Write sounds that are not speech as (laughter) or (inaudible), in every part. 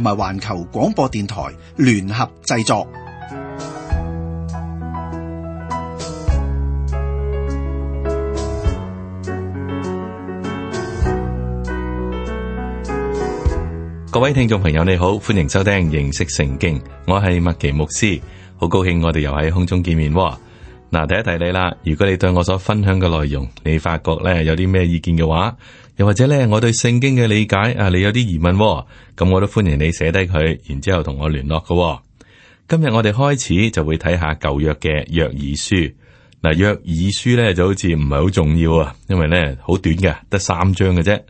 同埋環球廣播電台聯合製作。各位聽眾朋友，你好，歡迎收聽認識聖經，我係麥琪牧師，好高興我哋又喺空中見面喎。嗱，第一提你啦，如果你對我所分享嘅內容，你發覺咧有啲咩意見嘅話，又或者咧我對聖經嘅理解啊，你有啲疑問、哦，咁我都歡迎你寫低佢，然之後同我聯絡嘅、哦。今日我哋開始就會睇下舊約嘅約珥書。嗱，約珥書咧就好似唔係好重要啊，因為咧好短嘅，得三章嘅啫。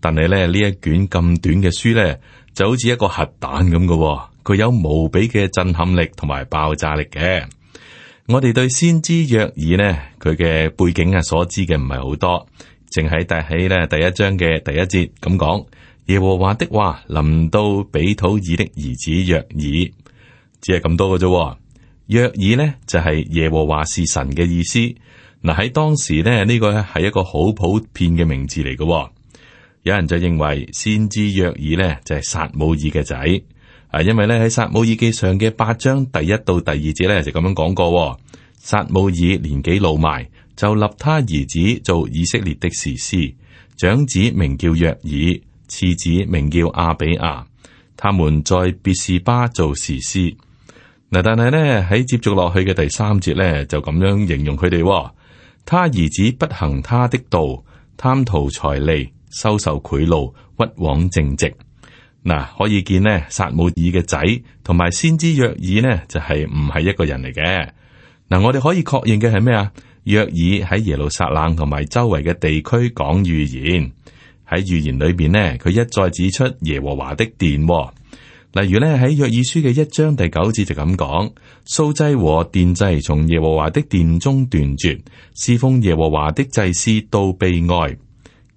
但係咧呢一卷咁短嘅書咧，就好似一個核彈咁嘅，佢有無比嘅震撼力，同埋爆炸力嘅。我哋對先知約珥呢，佢嘅背景啊，所知嘅唔係好多，淨係帶喺咧第一章嘅第一節咁講，耶和華的話臨到毗土珥的兒子約珥，只係咁多嘅啫。約珥呢，就係、是、耶和華是神嘅意思。嗱，喺當時呢，呢個係一個好普遍嘅名字嚟嘅。有人就認為先知約珥呢，就係、是、撒母耳嘅仔。嗱，因為咧喺撒姆耳記上嘅八章第一到第二節咧就咁樣講過，撒母耳年紀老邁，就立他兒子做以色列的士師。長子名叫約珥，次子名叫亞比雅，他們在別是巴做士師。嗱，但係咧喺接續落去嘅第三節咧就咁樣形容佢哋，他兒子不行他的道，貪圖財利，收受賄賂，屈枉正直。嗱，可以見咧，撒母耳嘅仔同埋先知約珥呢，就係唔係一個人嚟嘅。嗱，我哋可以確認嘅係咩啊？約珥喺耶路撒冷同埋周圍嘅地區講預言，喺預言裏邊呢，佢一再指出耶和華的殿。例如呢，喺約珥書嘅一章第九節就咁講：素祭和奠祭從耶和華的殿中斷絕，侍奉耶和華的祭司都悲哀。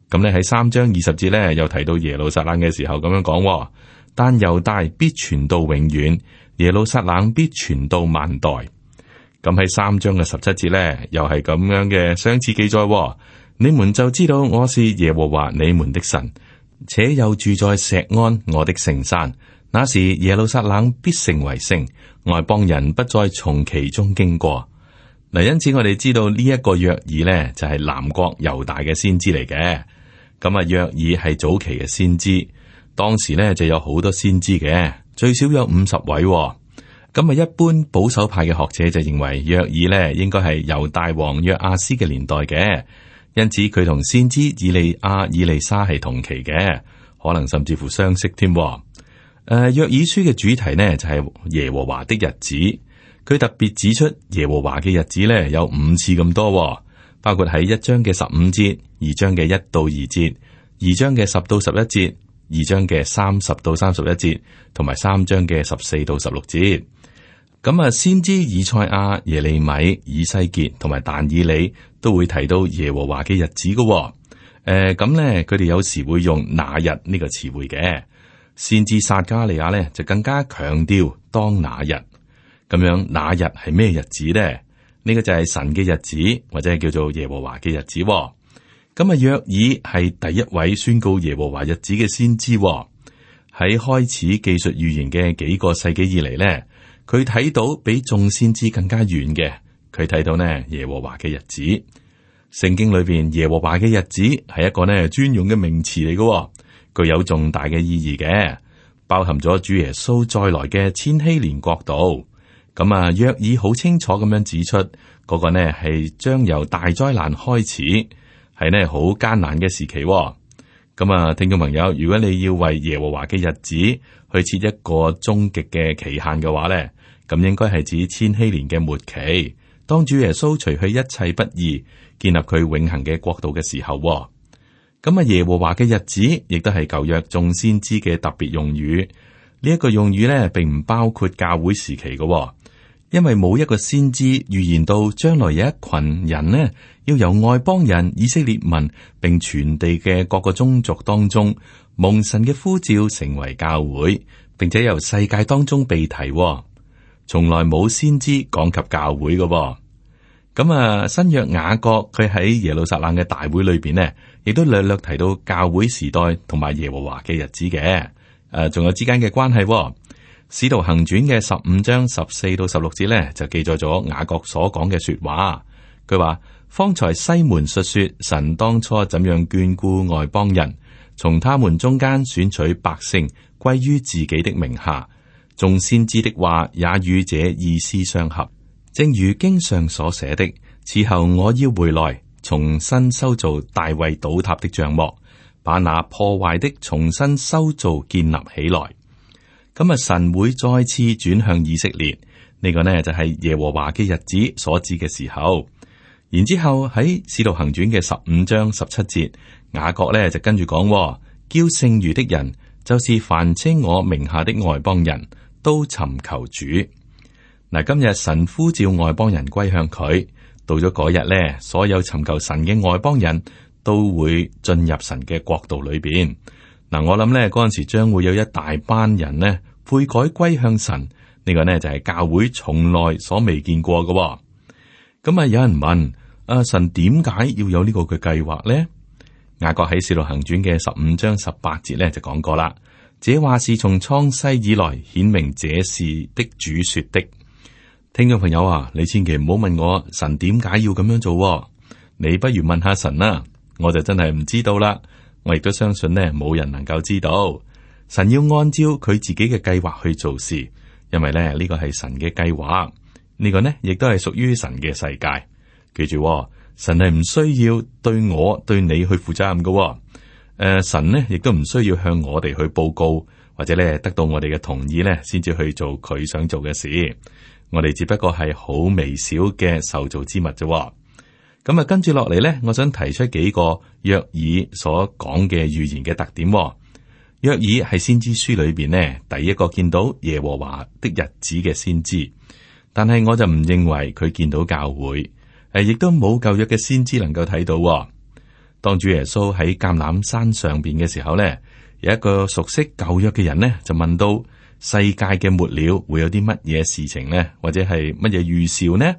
咁咧喺三章二十節咧又提到耶路撒冷嘅時候咁樣講，但猶大必傳到永遠，耶路撒冷必傳到萬代。咁喺三章嘅十七節咧又係咁樣嘅相似記載。你們就知道我是耶和華你們的神，且又住在錫安我的聖山。那時耶路撒冷必成為聖，外邦人不再從其中經過。嗱，因此我哋知道呢一個約珥咧就係南國猶大嘅先知嚟嘅。咁啊，約珥係早期嘅先知，當時呢就有好多先知嘅，最少有五十位。咁啊，一般保守派嘅學者就認為約珥呢應該係由大王約阿斯嘅年代嘅，因此佢同先知以利亞、以利沙係同期嘅，可能甚至乎相識添、哦。誒、啊，約珥書嘅主題呢就係、是、耶和華的日子，佢特別指出耶和華嘅日子呢有五次咁多、哦。包括喺一章嘅十五節、二章嘅一到二節、二章嘅十到十一節、二章嘅三十到三十一節，同埋三章嘅十四到十六節。咁啊，先知以賽亞、耶利米、以西結同埋但以理都會提到耶和華嘅日子嘅。誒、呃，咁咧，佢哋有時會用那日呢、這個詞彙嘅。先知撒加利亞咧就更加強調當那日，咁樣那日係咩日子咧？呢個就係神嘅日子，或者叫做耶和華嘅日子。咁啊，約珥係第一位宣告耶和華日子嘅先知。喺開始記述預言嘅幾個世紀以嚟咧，佢睇到比眾先知更加遠嘅，佢睇到呢耶和華嘅日子。聖經裏邊耶和華嘅日子係一個呢專用嘅名詞嚟嘅，具有重大嘅意義嘅，包含咗主耶穌再來嘅千禧年國度。咁啊，約珥好清楚咁樣指出，嗰個呢係將由大災難開始，係呢好艱難嘅時期、哦。咁、嗯、啊，聽眾朋友，如果你要為耶和華嘅日子去設一個終極嘅期限嘅話呢，咁應該係指千禧年嘅末期，當主耶穌除去一切不義，建立佢永恆嘅國度嘅時候、哦。咁、嗯、啊，耶和華嘅日子亦都係舊約眾先知嘅特別用語。呢、這、一個用語呢，並唔包括教會時期噶、哦。因為冇一個先知預言到將來有一群人呢，要由外邦人、以色列民並全地嘅各個宗族當中蒙神嘅呼召成為教會，並且由世界當中被提、哦，從來冇先知講及教會嘅、哦。咁、嗯、啊，新約雅各佢喺耶路撒冷嘅大會裏邊呢，亦都略略提到教會時代同埋耶和華嘅日子嘅，誒、啊，仲有之間嘅關係、哦。《使徒行傳》嘅十五章十四到十六節呢，就記載咗雅各所講嘅說話。佢話：方才西門述說神當初怎樣眷顧外邦人，從他們中間選取百姓歸於自己的名下，眾先知的話也與這意思相合。正如經上所寫的：的此後我要回來，重新修造大衛倒塌的帳幕，把那破壞的重新修造建立起來。咁啊！神會再次轉向以色列，呢個呢就係耶和華嘅日子所指嘅時候。然之後喺使徒行傳嘅十五章十七節，雅各呢就跟住講：，叫剩餘的人，就是凡稱我名下的外邦人都尋求主。嗱，今日神呼召外邦人歸向佢。到咗嗰日呢，所有尋求神嘅外邦人都會進入神嘅國度裏邊。嗱，我諗呢嗰陣時將會有一大班人呢。悔改歸向神，呢、這個呢就係教會從來所未見過嘅。咁啊，有人問：阿、啊、神點解要有呢個嘅計劃呢？雅各喺《使徒行傳》嘅十五章十八節呢就講過啦。這話是從創世以來顯明這事的主說的。聽眾朋友啊，你千祈唔好問我神點解要咁樣做，你不如問下神啦。我就真係唔知道啦，我亦都相信呢，冇人能夠知道。神要按照佢自己嘅計劃去做事，因為咧呢、這個係神嘅計劃，呢、這個呢亦都係屬於神嘅世界。記住、哦，神係唔需要對我、對你去負責任嘅、哦。誒、呃，神呢亦都唔需要向我哋去報告，或者咧得到我哋嘅同意呢先至去做佢想做嘅事。我哋只不過係好微小嘅受造之物啫。咁、嗯、啊，跟住落嚟呢，我想提出幾個約珥所講嘅預言嘅特點、哦。約珥係先知書裏邊咧第一個見到耶和華的日子嘅先知，但係我就唔認為佢見到教會，誒，亦都冇舊約嘅先知能夠睇到。當主耶穌喺橄欖山上邊嘅時候呢，有一個熟悉舊約嘅人呢，就問到世界嘅末了會有啲乜嘢事情呢？或者係乜嘢預兆呢？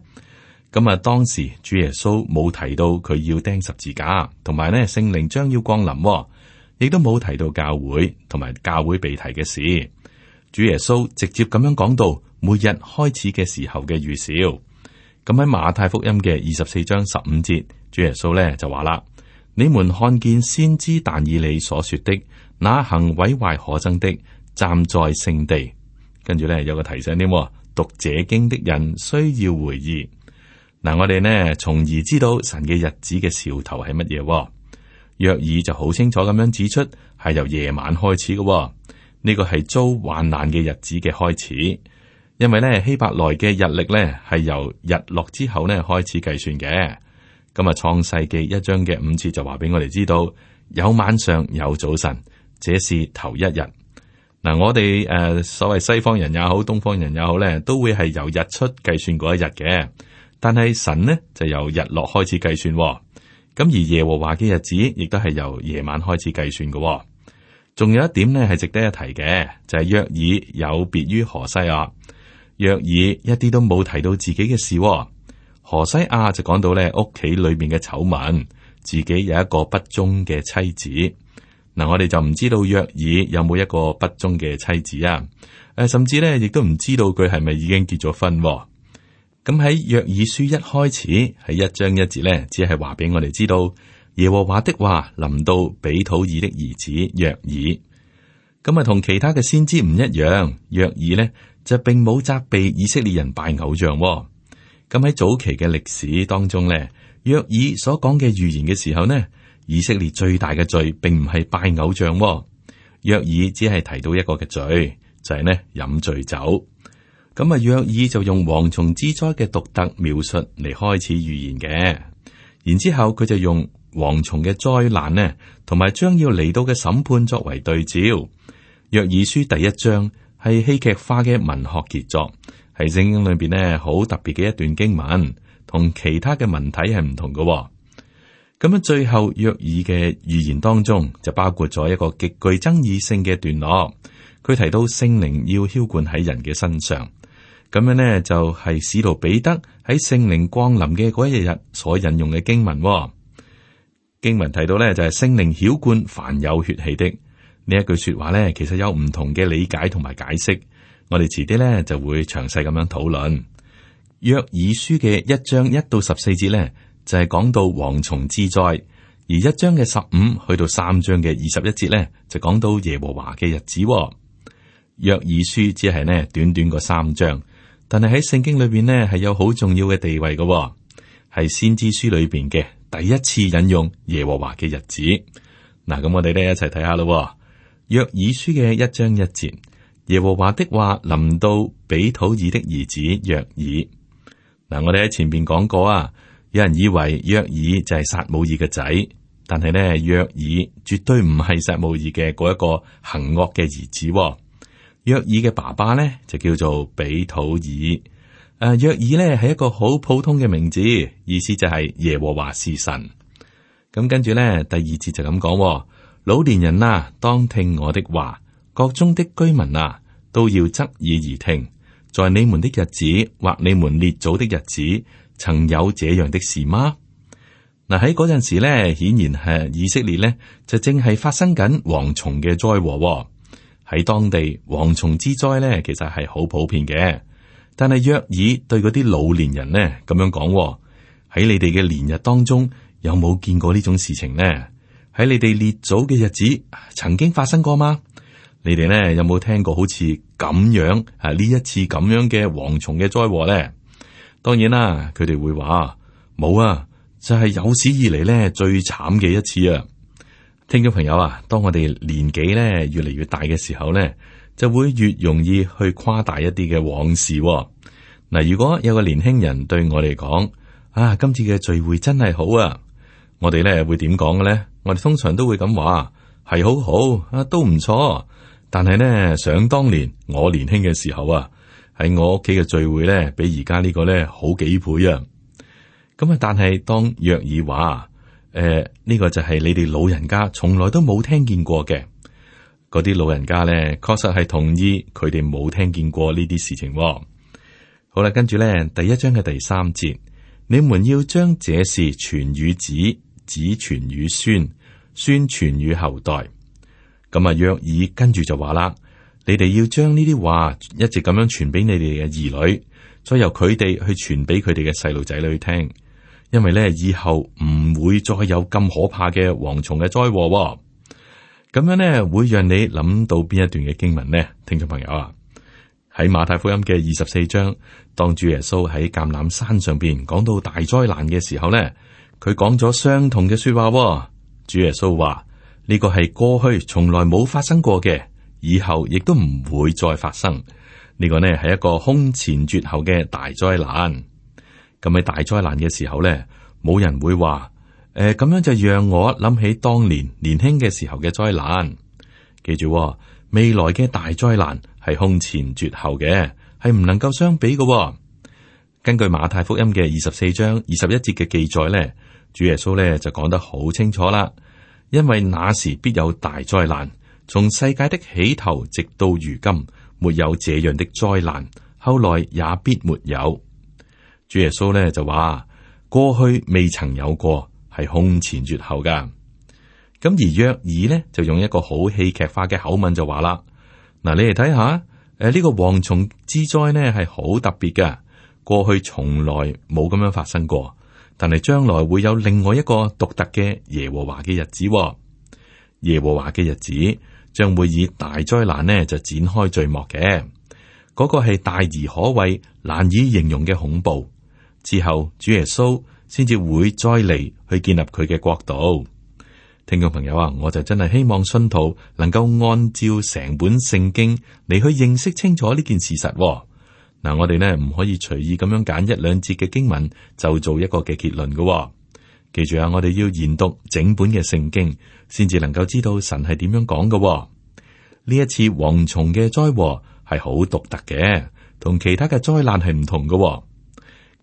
咁啊，當時主耶穌冇提到佢要釘十字架，同埋呢聖靈將要降臨。亦都冇提到教會同埋教會被提嘅事，主耶穌直接咁樣講到每日開始嘅時候嘅預兆。咁喺馬太福音嘅二十四章十五節，主耶穌咧就話啦：你們看見先知但以你所說的，那行毀壞可憎的站在聖地。跟住咧有個提醒你，讀者經的人需要回憶。嗱，我哋呢從而知道神嘅日子嘅兆頭係乜嘢。約珥就好清楚咁樣指出，係由夜晚開始嘅、哦，呢個係遭患難嘅日子嘅開始。因為呢，希伯來嘅日曆呢，係由日落之後呢開始計算嘅。咁啊，創世記一章嘅五節就話俾我哋知道，有晚上有早晨，這是頭一日。嗱、嗯，我哋誒、呃、所謂西方人也好，東方人也好呢都會係由日出計算嗰一日嘅，但係神呢，就由日落開始計算、哦。咁而耶和華嘅日子亦都係由夜晚開始計算嘅、哦。仲有一點咧係值得一提嘅，就係、是、約爾有別於何西亞，約爾一啲都冇提到自己嘅事、哦。何西亞就講到咧屋企裏面嘅醜聞，自己有一個不忠嘅妻子。嗱，我哋就唔知道約爾有冇一個不忠嘅妻子啊？誒，甚至咧亦都唔知道佢係咪已經結咗婚。咁喺約珥書一開始係一章一節咧，只係話俾我哋知道耶和華的話臨到比土爾的兒子約珥。咁啊，同其他嘅先知唔一樣，約珥呢就並冇責備以色列人拜偶像。咁喺早期嘅歷史當中呢，約珥所講嘅預言嘅時候呢，以色列最大嘅罪並唔係拜偶像，約珥只係提到一個嘅罪就係呢：「飲醉酒。咁啊，約珥就用蝗蟲之災嘅獨特描述嚟開始預言嘅。然之後佢就用蝗蟲嘅災難呢，同埋將要嚟到嘅審判作為對照。約珥書第一章係戲劇化嘅文學傑作，係聖經裏邊呢好特別嘅一段經文，同其他嘅文體係唔同嘅、哦。咁喺最後約珥嘅預言當中就包括咗一個極具爭議性嘅段落，佢提到聖靈要澆灌喺人嘅身上。咁樣呢，就係使徒彼得喺聖靈降臨嘅嗰一日所引用嘅經文、哦。經文提到呢、就是，就係聖靈曉冠凡有血氣的呢一句說話呢，其實有唔同嘅理解同埋解釋。我哋遲啲呢，就會詳細咁樣討論。約珥書嘅一章一到十四節呢，就係講到蝗蟲之災，而一章嘅十五去到三章嘅二十一節呢，就講到耶和華嘅日子、哦。約珥書只係咧短短個三章。但係喺聖經裏邊咧，係有好重要嘅地位嘅、哦，係先知書裏邊嘅第一次引用耶和華嘅日子。嗱，咁我哋咧一齊睇下啦。約珥書嘅一章一節，耶和華的話臨到毗土珥的兒子約珥。嗱，我哋喺前邊講過啊，有人以為約珥就係撒母耳嘅仔，但係咧約珥絕對唔係撒母耳嘅嗰一個行惡嘅兒子、哦。約珥嘅爸爸呢，就叫做比土爾，誒、啊，約珥咧係一個好普通嘅名字，意思就係耶和華是神。咁跟住呢，第二節就咁講，老年人啊，當聽我的話，國中的居民啊，都要側耳而聽。在你們的日子或你們列祖的日子，曾有這樣的事嗎？嗱，喺嗰陣時呢，顯然係、啊、以色列呢，就正係發生緊蝗蟲嘅災禍。喺當地蝗蟲之災咧，其實係好普遍嘅。但係約珥對嗰啲老年人咧咁樣講、哦：喺你哋嘅年日當中，有冇見過呢種事情呢？喺你哋列祖嘅日子，曾經發生過嗎？你哋咧有冇聽過好似咁樣啊？樣呢一次咁樣嘅蝗蟲嘅災禍咧？當然啦、啊，佢哋會話冇啊，就係、是、有史以嚟，咧最慘嘅一次啊！聽眾朋友啊，當我哋年紀咧越嚟越大嘅時候咧，就會越容易去誇大一啲嘅往事、啊。嗱，如果有個年輕人對我哋講：，啊，今次嘅聚會真係好啊！我哋咧會點講嘅咧？我哋通常都會咁話：係好好啊，都唔錯。但係咧，想當年我年輕嘅時候啊，喺我屋企嘅聚會咧，比而家呢個咧好幾倍啊。咁啊，但係當約珥話。誒，呢、呃這個就係你哋老人家從來都冇聽見過嘅，嗰啲老人家咧，確實係同意佢哋冇聽見過呢啲事情、哦。好啦，跟住咧，第一章嘅第三節，你們要將這事傳與子，子傳與孫，孫傳與後代。咁啊，約珥跟住就話啦，你哋要將呢啲話一直咁樣傳俾你哋嘅兒女，再由佢哋去傳俾佢哋嘅細路仔女聽。因為咧，以後唔會再有咁可怕嘅蝗蟲嘅災禍，咁樣呢，會讓你諗到邊一段嘅經文呢？聽眾朋友啊，喺馬太福音嘅二十四章，當主耶穌喺橄欖山上邊講到大災難嘅時候呢，佢講咗相同嘅說話。主耶穌話：呢個係過去從來冇發生過嘅，以後亦都唔會再發生。呢個呢，係一個空前絕後嘅大災難。咁喺大災難嘅時候呢，冇人會話，誒、呃，咁樣就讓我諗起當年年輕嘅時候嘅災難。記住，未來嘅大災難係空前絕後嘅，係唔能夠相比嘅。根據馬太福音嘅二十四章二十一節嘅記載呢，主耶穌呢就講得好清楚啦。因為那時必有大災難，從世界的起頭直到如今，沒有這樣的災難，後來也必沒有。主耶穌咧就話：過去未曾有過，係空前絕後噶。咁而約珥呢，就用一個好戲劇化嘅口吻就話啦：嗱、啊，你嚟睇下，誒、呃、呢、這個蝗蟲之災呢，係好特別噶，過去從來冇咁樣發生過，但係將來會有另外一個獨特嘅耶和華嘅日，、哦、日子。耶和華嘅日子將會以大災難呢，就展開序幕嘅，嗰、那個係大而可畏、難以形容嘅恐怖。之後，主耶穌先至會再嚟去建立佢嘅國度。聽眾朋友啊，我就真係希望信徒能夠按照成本聖經嚟去認識清楚呢件事實，哦。嗱、嗯，我哋呢唔可以隨意咁樣揀一兩節嘅經文就做一個嘅結論嘅，哦。記住啊，我哋要研讀整本嘅聖經，先至能夠知道神係點樣講嘅，哦。呢一次蝗蟲嘅災禍係好獨特嘅，同其他嘅災難係唔同嘅，哦。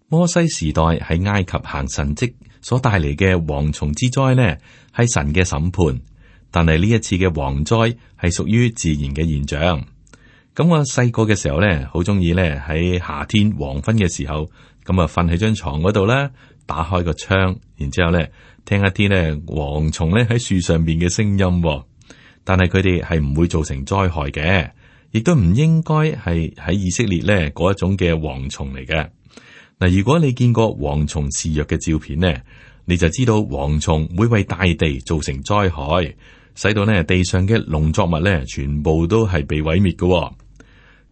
摩西時代喺埃及行神蹟所帶嚟嘅蝗蟲之災呢，係神嘅審判。但係呢一次嘅蝗災係屬於自然嘅現象。咁我細個嘅時候呢，好中意呢喺夏天黃昏嘅時候咁啊，瞓喺張床嗰度咧，打開個窗，然之後咧聽一啲呢蝗蟲咧喺樹上面嘅聲音。但係佢哋係唔會造成災害嘅，亦都唔應該係喺以色列咧嗰一種嘅蝗蟲嚟嘅。嗱，如果你見過蝗蟲肆虐嘅照片呢，你就知道蝗蟲會為大地造成災害，使到呢地上嘅農作物呢全部都係被毀滅嘅。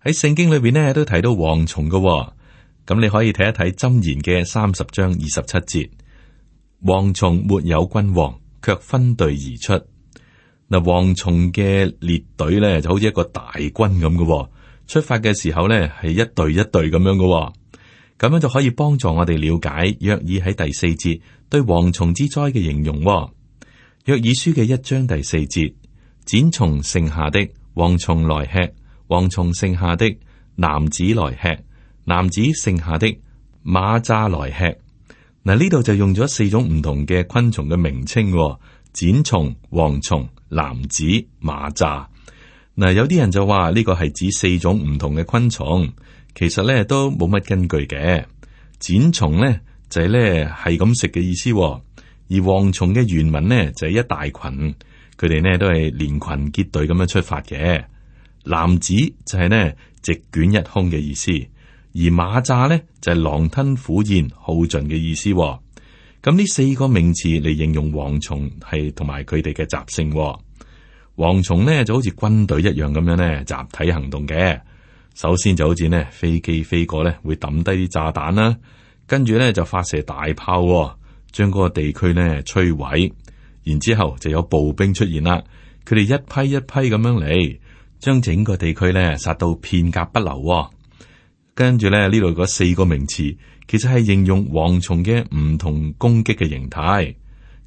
喺聖經裏邊呢都提到蝗蟲嘅，咁你可以睇一睇箴言嘅三十章二十七節。蝗蟲沒有君王，卻分隊而出。嗱，蝗蟲嘅列隊呢就好似一個大軍咁嘅，出發嘅時候呢係一隊一隊咁樣嘅。咁樣就可以幫助我哋了解約珥喺第四節對蝗蟲之災嘅形容，哦。約珥書嘅一章第四節，剪蟲剩下的蝗蟲來吃，蝗蟲剩下的蝻子來吃，蝻子剩下的螞蚱來吃。嗱，呢度就用咗四種唔同嘅昆蟲嘅名稱，哦：剪蟲、蝗蟲、蝻子、螞蚱。嗱，嗯，有啲人就話呢個係指四種唔同嘅昆蟲。其實咧都冇乜根據嘅，剪蟲咧就係咧係咁食嘅意思，而蝗蟲嘅原文咧就係一大群，佢哋咧都係連群結隊咁樣出發嘅。男子就係呢席捲一空嘅意思，而馬炸咧就係狼吞虎咽、耗盡嘅意思。咁呢四個名詞嚟形容蝗蟲係同埋佢哋嘅習性。蝗蟲咧就好似軍隊一樣咁樣咧集體行動嘅。首先就好似呢飛機飛過咧會抌低啲炸彈啦，跟住咧就發射大炮，將嗰個地區咧摧毀。然之後就有步兵出現啦，佢哋一批一批咁樣嚟，將整個地區咧殺到片甲不留。跟住咧呢度個四個名詞，其實係應用蝗蟲嘅唔同攻擊嘅形態。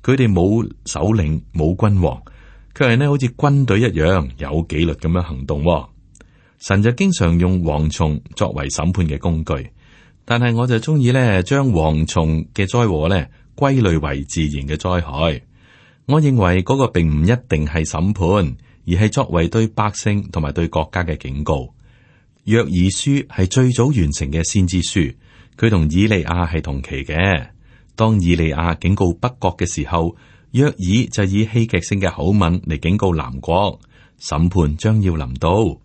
佢哋冇首領，冇君王，佢係呢好似軍隊一樣有紀律咁樣行動。神就經常用蝗蟲作為審判嘅工具，但係我就中意咧，將蝗蟲嘅災禍咧歸類為自然嘅災害。我認為嗰個並唔一定係審判，而係作為對百姓同埋對國家嘅警告。約珥書係最早完成嘅先知書，佢同以利亞係同期嘅。當以利亞警告北國嘅時候，約珥就以戲劇性嘅口吻嚟警告南國，審判將要臨到。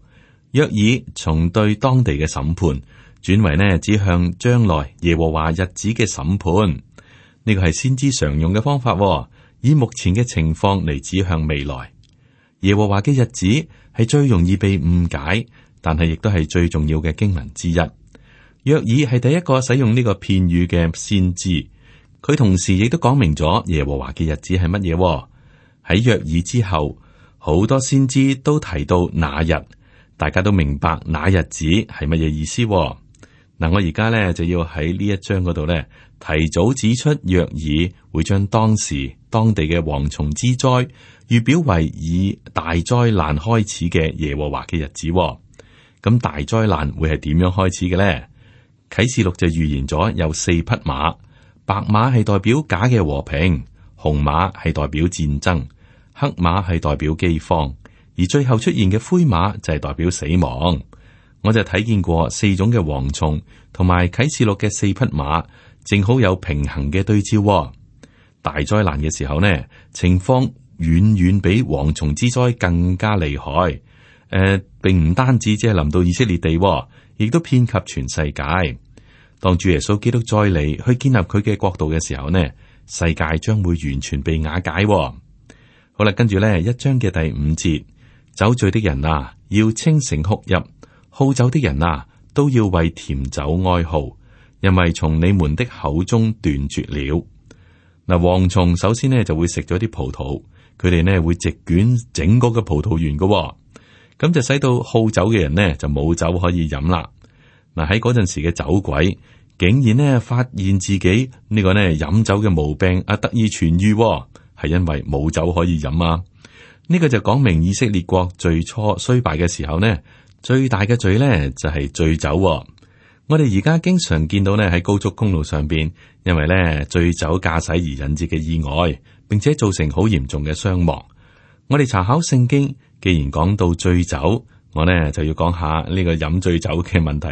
約珥從對當地嘅審判轉為呢，指向將來耶和華日子嘅審判。呢個係先知常用嘅方法，以目前嘅情況嚟，指向未來。耶和華嘅日子係最容易被誤解，但係亦都係最重要嘅經文之一。約珥係第一個使用呢個片語嘅先知，佢同時亦都講明咗耶和華嘅日子係乜嘢。喺約珥之後，好多先知都提到那日。大家都明白那日子係乜嘢意思？嗱，我而家咧就要喺呢一章嗰度咧提早指出，約珥會將當時當地嘅蝗蟲之災預表為以大災難開始嘅耶和華嘅日子。咁大災難會係點樣開始嘅咧？啟示錄就預言咗有四匹馬，白馬係代表假嘅和平，紅馬係代表戰爭，黑馬係代表饑荒。而最後出現嘅灰馬就係代表死亡，我就睇見過四種嘅蝗蟲同埋啟示錄嘅四匹馬，正好有平衡嘅對照。大災難嘅時候呢，情況遠遠比蝗蟲之災更加厲害。誒、呃，並唔單止只係臨到以色列地，亦都遍及全世界。當主耶穌基督再嚟，去建立佢嘅國度嘅時候呢，世界將會完全被瓦解。好啦，跟住呢一章嘅第五節。.酒醉的人啊，要清醒哭泣；好酒的人啊，都要為甜酒哀嚎，因為從你們的口中斷絕了。嗱，蝗蟲首先呢，就會食咗啲葡萄，佢哋呢會席捲整個嘅葡萄園㗎喎，咁就使到好酒嘅人呢，就冇酒可以飲啦。嗱，喺嗰陣時嘅酒鬼，竟然呢，發現自己呢個呢，飲酒嘅毛病啊，得以痊愈喎，係因為冇酒可以飲啊。呢個就講明以色列國最初衰敗嘅時候呢，最大嘅罪呢就係醉酒。我哋而家經常見到呢，喺高速公路上邊，因為呢醉酒駕駛而引致嘅意外，並且造成好嚴重嘅傷亡。我哋查考聖經，既然講到醉酒，我呢就要講下呢個飲醉酒嘅問題。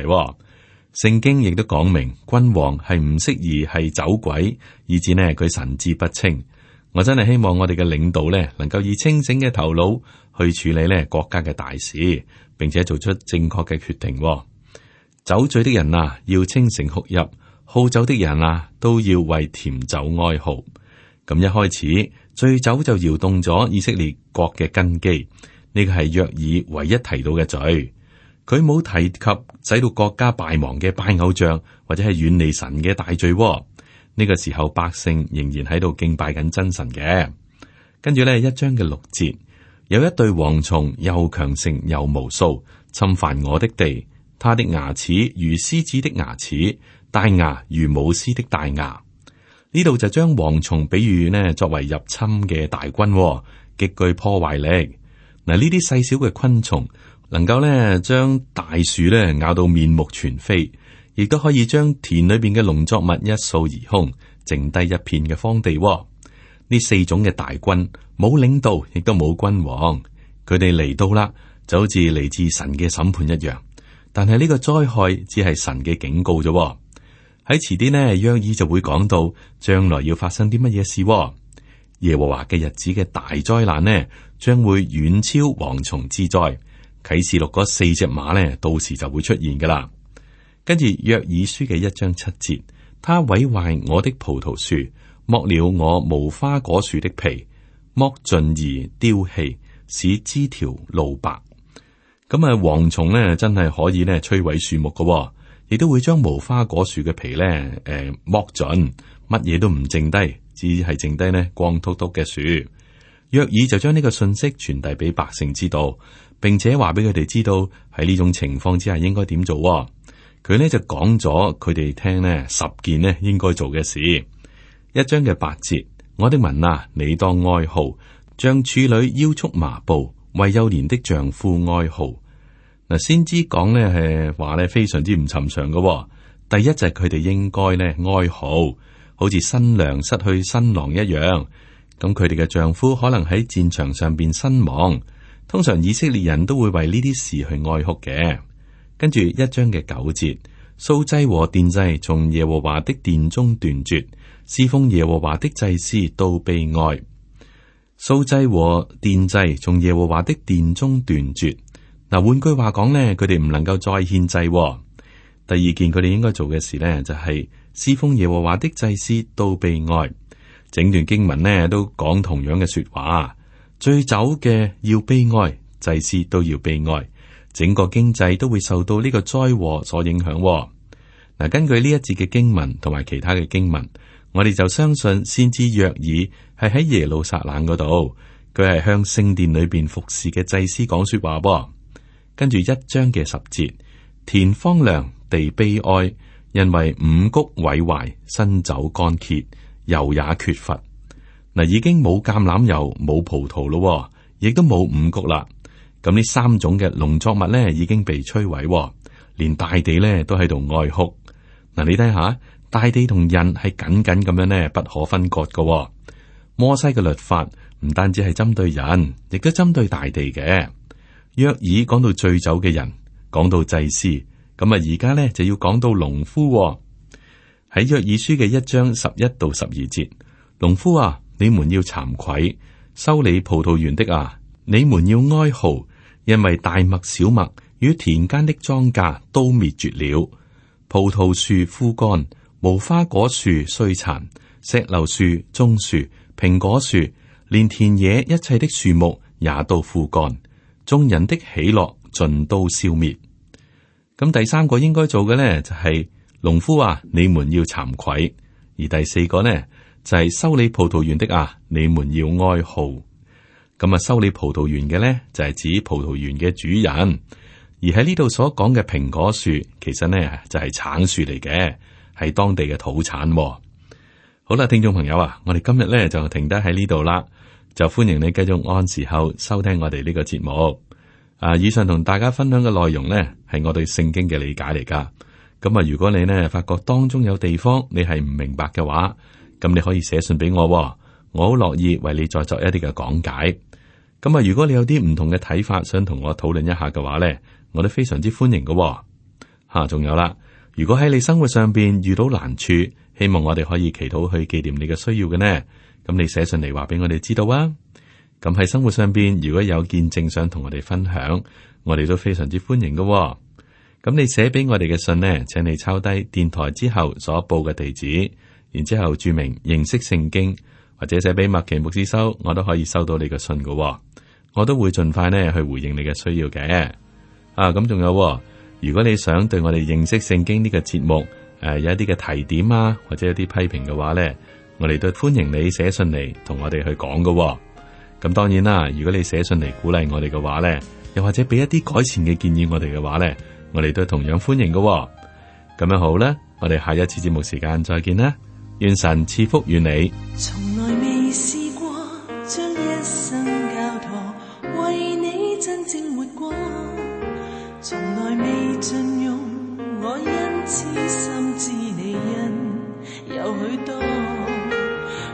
聖經亦都講明君王係唔適宜係酒鬼，以至呢佢神志不清。我真係希望我哋嘅領導呢，能夠以清醒嘅頭腦去處理呢國家嘅大事，並且做出正確嘅決定。酒醉的人啊，要清醒哭泣；好酒的人啊，都要為甜酒哀號。咁一開始醉酒就搖動咗以色列國嘅根基，呢個係約珥唯一提到嘅罪。佢冇提及使到國家敗亡嘅拜偶像或者係遠離神嘅大罪。呢個時候，百姓仍然喺度敬拜緊真神嘅。跟住呢，一章嘅六節，有一隊蝗蟲，又強盛又無數，侵犯我的地。它的牙齒如獅子的牙齒，大牙如母獅的大牙。呢度就將蝗蟲比喻呢，作為入侵嘅大軍，極具破壞力。嗱，呢啲細小嘅昆蟲，能夠呢將大樹呢咬到面目全非。亦都可以將田裏邊嘅農作物一掃而空，剩低一片嘅荒地喎。呢四種嘅大軍冇領導，亦都冇君王，佢哋嚟到啦，就好似嚟自神嘅審判一樣。但係呢個災害只係神嘅警告啫。喺遲啲呢，約珥就會講到將來要發生啲乜嘢事。耶和華嘅日子嘅大災難呢，將會遠超蝗蟲之災。啟示錄嗰四隻馬呢，到時就會出現噶啦。跟住，約珥書嘅一章七節，他毀壞我的葡萄樹，剝了我無花果樹的皮，剝盡而丟棄，使枝條露白。咁啊，蝗蟲咧真係可以咧摧毀樹木嘅、哦，亦都會將無花果樹嘅皮咧誒剝盡，乜嘢都唔剩低，只係剩低呢光禿禿嘅樹。約珥就將呢個信息傳遞俾百姓知道，並且話俾佢哋知道喺呢種情況之下應該點做、哦。佢咧就講咗佢哋聽呢十件咧應該做嘅事，一章嘅八節，我的民啊，你當哀號，像處女腰束麻布，為幼年的丈夫哀號。嗱，先知講呢係話咧非常之唔尋常嘅，哦，第一就係佢哋應該呢哀號，好似新娘失去新郎一樣。咁佢哋嘅丈夫可能喺戰場上邊身亡，通常以色列人都會為呢啲事去哀哭嘅。跟住一章嘅九節，素祭和奠祭從耶和華的殿中斷絕，事奉耶和華的祭司都悲哀。素祭和奠祭從耶和華的殿中斷絕。嗱，換句話講咧，佢哋唔能夠再獻祭、哦。第二件佢哋應該做嘅事咧、就是，就係事奉耶和華的祭司都悲哀。整段經文咧都講同樣嘅說話，醉酒嘅要悲哀，祭司都要悲哀。整個經濟都會受到呢個災禍所影響、哦。嗱，根據呢一節嘅經文同埋其他嘅經文，我哋就相信先知約珥係喺耶路撒冷嗰度，佢係向聖殿裏邊服侍嘅祭司講說話、哦。跟住一章嘅十節，田荒涼，地悲哀，因為五穀毀壞，新酒乾竭，油也缺乏。嗱，已經冇橄欖油，冇葡萄咯、哦，亦都冇五穀啦。咁呢三種嘅農作物咧，已經被摧毀，連大地咧都喺度哀哭。嗱、啊，你睇下，大地同人係緊緊咁樣咧，不可分割嘅。摩西嘅律法唔單止係針對人，亦都針對大地嘅。約珥講到醉酒嘅人，講到祭司，咁啊，而家咧就要講到農夫喺、哦、約珥書嘅一章十一到十二節，農夫啊，你們要慚愧，修理葡萄園的啊，你們要哀嚎。因為大麥、小麥與田間的莊稼都滅絕了，葡萄樹枯乾，無花果樹衰殘，石榴樹、棕樹、蘋果樹，連田野一切的樹木也都枯乾，眾人的喜樂盡都消滅。咁第三個應該做嘅呢，就係、是、農夫啊，你們要慚愧；而第四個呢，就係修理葡萄園的啊，你們要哀號。.咁啊，修理葡萄園嘅咧，就係、是、指葡萄園嘅主人。而喺呢度所講嘅蘋果樹，其實咧就係、是、橙樹嚟嘅，係當地嘅土產、哦。好啦，聽眾朋友啊，我哋今日咧就停低喺呢度啦，就歡迎你繼續按時候收聽我哋呢個節目。啊，以上同大家分享嘅內容呢，係我對聖經嘅理解嚟噶。咁、嗯、啊，如果你呢發覺當中有地方你係唔明白嘅話，咁你可以寫信俾我、哦，我好樂意為你再作一啲嘅講解。咁啊，如果你有啲唔同嘅睇法，想同我討論一下嘅話咧，我都非常之歡迎嘅喎。吓、啊，仲有啦，如果喺你生活上邊遇到難處，希望我哋可以祈禱去紀念你嘅需要嘅呢，咁你寫信嚟話俾我哋知道啊。咁喺生活上邊，如果有見證想同我哋分享，我哋都非常之歡迎嘅喎。咁你寫俾我哋嘅信咧，請你抄低電台之後所報嘅地址，然之後注明認識聖經。或者寫俾麥奇牧師收，我都可以收到你嘅信噶，哦，我都會盡快咧去回應你嘅需要嘅。啊，咁仲有，哦，如果你想對我哋認識聖經呢，這個節目，誒、呃、有一啲嘅提點啊，或者一啲批評嘅話咧，我哋都歡迎你寫信嚟同我哋去講噶，哦。咁當然啦，如果你寫信嚟鼓勵我哋嘅話咧，又或者俾一啲改善嘅建議我哋嘅話咧，我哋都同樣歡迎噶，哦。咁樣好啦，我哋下一次節目時間再見啦。願神賜福於你。從來未試過，將一生交託為你真正活過，從來未盡用我因此心有許多，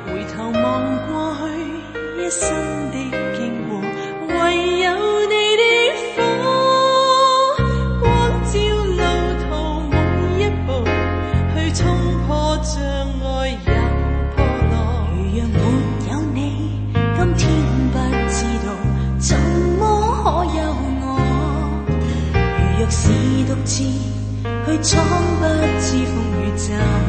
回頭望過去一生的。去闖，不知風雨驟。 (noise)